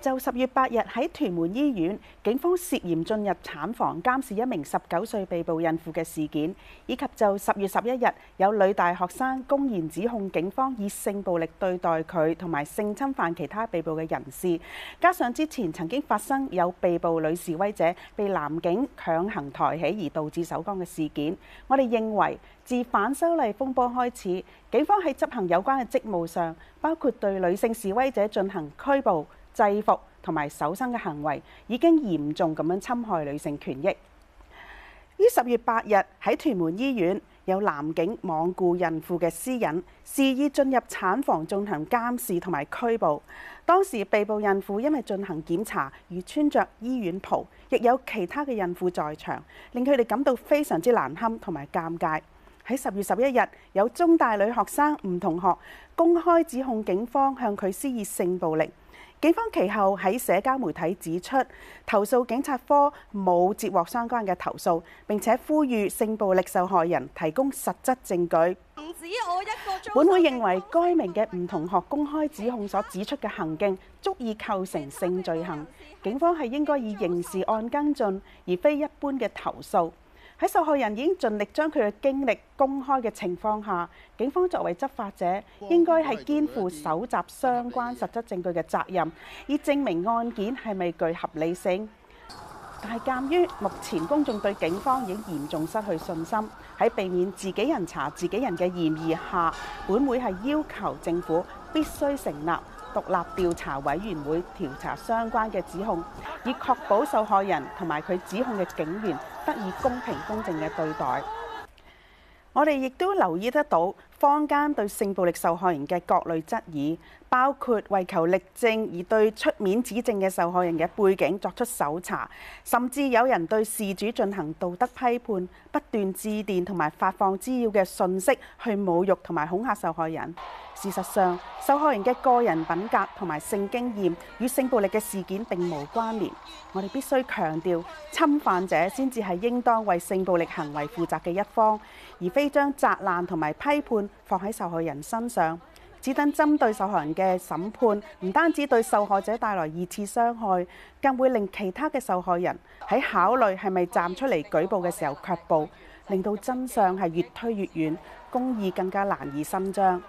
就十月八日喺屯門醫院，警方涉嫌進入產房監視一名十九歲被捕孕婦嘅事件，以及就十月十一日有女大學生公然指控警方以性暴力對待佢，同埋性侵犯其他被捕嘅人士，加上之前曾經發生有被捕女示威者被男警強行抬起而導致手僵嘅事件，我哋認為自反修例風波開始，警方喺執行有關嘅職務上，包括對女性示威者進行拘捕、制服同埋搜身嘅行為已經嚴重咁樣侵害女性權益。於十月八日喺屯門醫院，有男警罔顧孕婦嘅私隱，肆意進入產房進行監視同埋拘捕。當時被捕孕婦因為進行檢查而穿着醫院袍，亦有其他嘅孕婦在場，令佢哋感到非常之難堪同埋尷尬。喺十月十一日，有中大女學生吳同學公開指控警方向佢施以性暴力。警方其後喺社交媒體指出，投訴警察科冇接獲相關嘅投訴，並且呼籲性暴力受害人提供實質證據。本會認為該名嘅吳同學公開指控所指出嘅行徑，足以構成性罪行，警方係應該以刑事案跟進，而非一般嘅投訴。喺受害人已經盡力將佢嘅經歷公開嘅情況下，警方作為執法者，應該係肩負搜集相關實質證據嘅責任，以證明案件係咪具合理性。但係，鑑於目前公眾對警方已經嚴重失去信心，喺避免自己人查自己人嘅嫌疑下，本會係要求政府必須成立獨立調查委員會調查相關嘅指控，以確保受害人同埋佢指控嘅警員得以公平公正嘅對待。我哋亦都留意得到，坊間對性暴力受害人嘅各類質疑，包括為求力證而對出面指證嘅受害人嘅背景作出搜查，甚至有人對事主進行道德批判，不斷致電同埋發放滋擾嘅訊息去侮辱同埋恐嚇受害人。事實上，受害人嘅個人品格同埋性經驗與性暴力嘅事件並無關聯。我哋必須強調，侵犯者先至係應當為性暴力行為負責嘅一方，而非將責難同埋批判，放喺受害人身上，只等針對受害人嘅審判，唔單止對受害者帶來二次傷害，更會令其他嘅受害人喺考慮係咪站出嚟舉報嘅時候卻步，令到真相係越推越遠，公義更加難以伸張。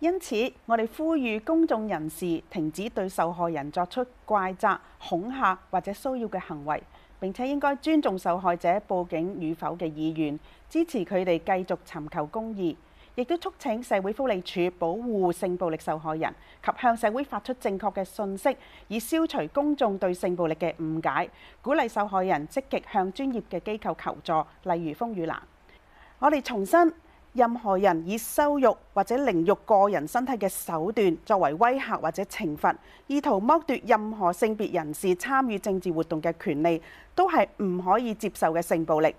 因此，我哋呼籲公眾人士停止對受害人作出怪責、恐嚇或者騷擾嘅行為。並且應該尊重受害者報警與否嘅意願，支持佢哋繼續尋求公義，亦都促請社會福利署保護性暴力受害人，及向社會發出正確嘅信息，以消除公眾對性暴力嘅誤解，鼓勵受害人積極向專業嘅機構求助，例如風雨蘭。我哋重申，任何人以羞辱或者凌辱個人身體嘅手段作為威嚇或者懲罰，意圖剝奪任何性別人士參與政治活動嘅權利，都係唔可以接受嘅性暴力。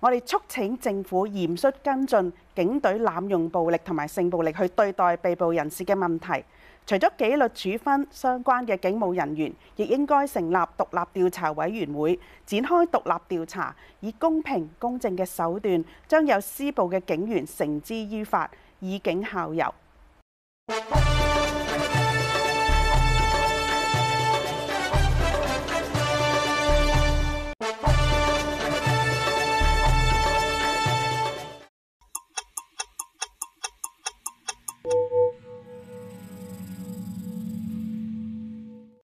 我哋促請政府嚴肅跟進警隊濫用暴力同埋性暴力去對待被捕人士嘅問題。除咗紀律處分相關嘅警務人員，亦應該成立獨立調查委員會，展開獨立調查，以公平公正嘅手段，將有施暴嘅警員繩之於法，以警效尤。